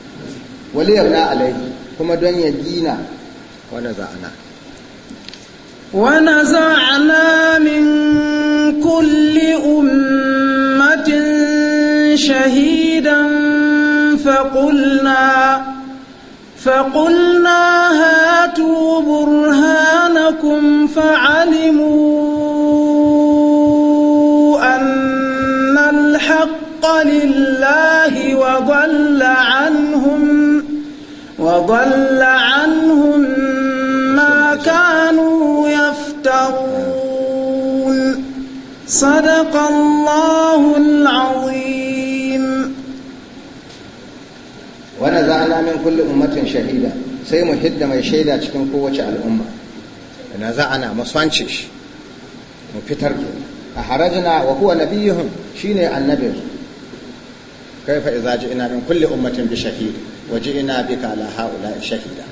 waliyar na alaiki. kuma don ya gina wani za'ana ونزعنا من كل أمة شهيدا فقلنا فقلنا هاتوا برهانكم فعلموا أن الحق لله وضل عنهم وضل عنهم صدق الله العظيم ونزعنا من كل أمة شهيدا sai mu hidda mai shaida cikin kowace al'umma na za'ana muswancish mu fitar ke a harajina wa huwa nabiyuhum shine annabin kaifa idza ji'na min kulli ummatin bi shahid wa ji'na bika ala haula shahida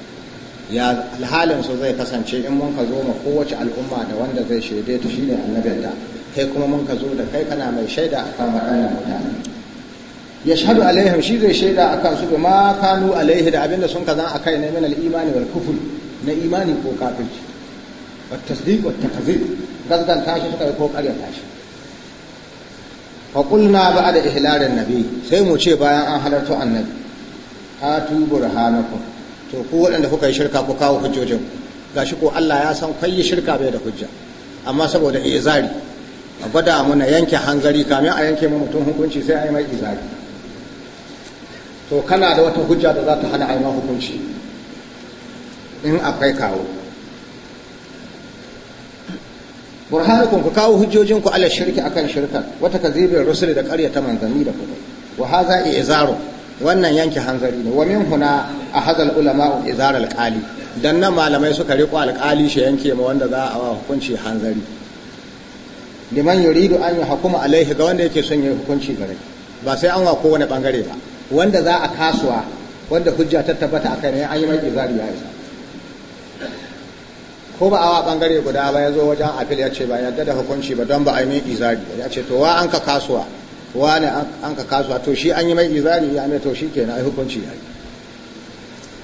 ya zai kasance in mun ka zo ma kowace al'umma da wanda zai shaide ta annabin da kai kuma mun ka zo da kai kana mai shaida akan waɗannan mutane ya shaɗu alaihim shi zai shaida a akan su ma kanu alaihi da abinda sun kazan akai ne min al-imani wal kufr na imani ko kafirci wa tasdiq wa takzib gazgan tashi suka ko ƙarya tashi fa qulna ba'da ihlarin nabi sai mu ce bayan an halarta annabi hatu burhanakum to ku waɗanda kuka yi shirka ku kawo hujjojin gashi ko Allah ya san kai shirka bai da hujja amma saboda izari a gwada muna yanke hanzari kamin a yanke mutum hukunci sai a yi mai izari to kana da wata hujja da za ta hana a yi hukunci in akwai kawo burhanukun ku kawo hujjojin ku ala shirki akan shirkan wata zibiyar rusuli da karya ta manzanni da kuma wa haza izaru wannan yanke hanzari ne wa min huna a hazal ulama izar alqali dan nan malamai suka riko alkali shi yanke ma wanda za a wa hukunci hanzari liman yuridu an hukuma alaihi ga wanda yake son yi hukunci gare ba sai an wa kowane bangare ba wanda za a kasuwa wanda hujja ta tabbata akai ne an yi mai izari ya isa ko ba awa bangare guda ba ya zo wajen afil ya ce ba yadda da hukunci ba don ba a yi mai izari ya ce to wa an ka kasuwa wa ne an ka kasuwa to shi an yi mai izari ya ne to shi kenan ai hukunci ya yi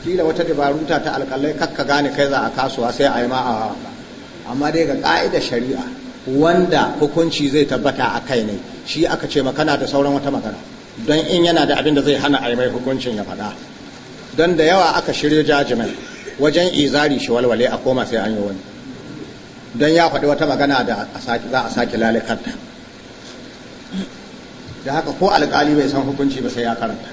kila wata dabaru ta alƙalai kakka gane kai za a kasuwa sai a yi ma a amma dai ga ka'ida shari'a wanda hukunci zai tabbata a kai ne shi aka ce makana da sauran wata magana don in yana da abin da zai hana a mai hukuncin ya faɗa don da yawa aka shirya jajimen wajen izari shi walwale a koma sai an yi wani don ya faɗi wata magana da za a sake lalikanta da haka ko alƙali bai san hukunci ba sai ya karanta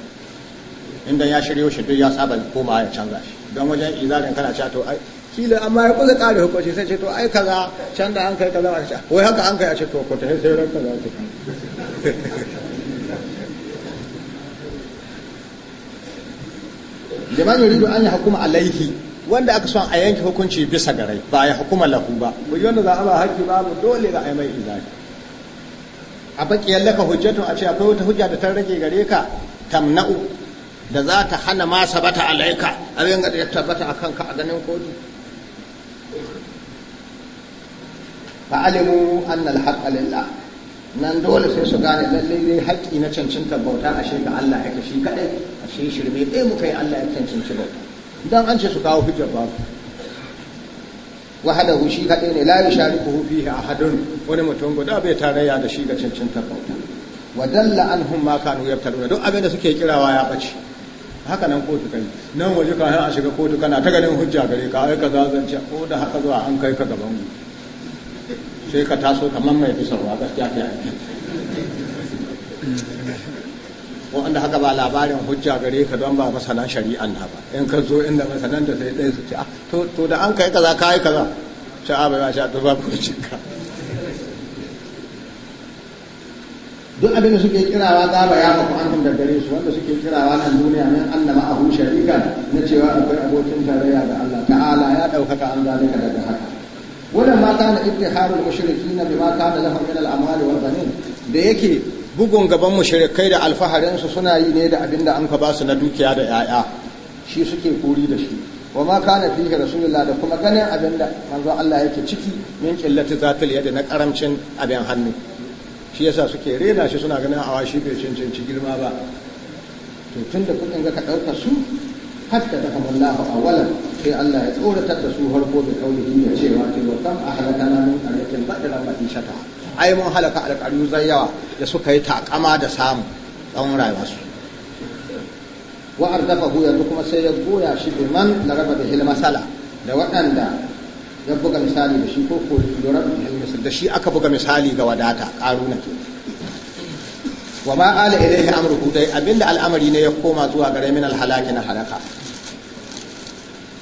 inda ya shirya shi duk ya saba koma ya canza shi don wajen izarin kana cewa to kila amma ya kula kare hukunci sai ce to ai kaza can da an kai kaza a ce wai haka an kai a ce to ko ta sai za kaza jama'a ne rido an hukuma alaihi wanda aka son a yanke hukunci bisa garai ba ya hukuma lahu ba mu yi wanda za a ba haƙƙi ba mu dole ga ai mai izaki a baki yallaka hujjatun a ce akwai wata hujja da ta rage gare ka tamna'u da za ta hana ma sabata alaika abin da ya tabbata akan ka a ganin kotu fa'alimu annal haqqa lillah nan dole sai su gane lalle dai haƙƙi na cancanta bauta shi ga Allah yake shi kaɗai a shi shirme ɗaya muka yi Allah ya cancanci bauta don an ce su kawo hujjar babu wahadahu shi kaɗai ne la hufi a hadun wani mutum guda bai tarayya da shi ga cancantar bauta wa dalla hun ma kanu yaftaruna duk abin da suke kirawa ya bace haka nan kotu kai nan waje ka a shiga kotu kana ta ganin hujja gare ka aika kaza ko da haka zuwa an kai ka gaban mu sai ka taso kamar mai fisarwa gaskiya ta wanda haka ba labarin hujja gare ka don ba masana shari'an na ba in ka zo inda masanan da sai ɗaya su ce ah, to da an yi kaza ka yi kaza sai a ah, bai ba shi a duba ka duk abin da suke kirawa tsaba ya ku an da gare su wanda suke kirawa nan duniya min annama abu shari'a na cewa akwai abokin tarayya da Allah ta'ala ya ɗaukaka an zalika daga haka wannan ولما mushrikin da المشركين na كان لهم من الأموال banin da yake bugun gaban mushrikai da alfaharin su suna yi ne da abin da an ka ba su na dukiya da 'ya'ya shi suke kuri da shi wa ma kana fihi rasulullah da kuma ganin abinda da manzon Allah yake ciki min qillati zatil yad na karamcin abin hannu shi yasa suke rena shi suna ganin awa shi bai cancanci girma ba to tunda kudin ga ka dauka su hatta da Allah a awalan sai Allah ya tsoratar da su harko da kaulihi ya cewa ce wa kam ahlakana min qaryatin ba'da ramadan shata ai mun halaka alƙalu zai yawa da suka yi taƙama da samu tsawon rayuwa su wa ardafahu yanzu kuma sai ya goya shi bi man raba da hil masala da waɗanda ya buga misali da shi ko ko da shi aka buga misali ga wadata karuna ke wa ma ala ilaihi amruhu dai abinda al'amari ne ya koma zuwa gare min alhalaki na halaka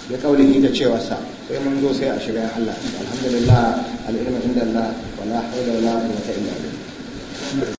da kaulihi da cewarsa sai mun zo sai a shiga ya Allah alhamdulillah al'ilmu inda Allah wala hawla wala quwwata illa billah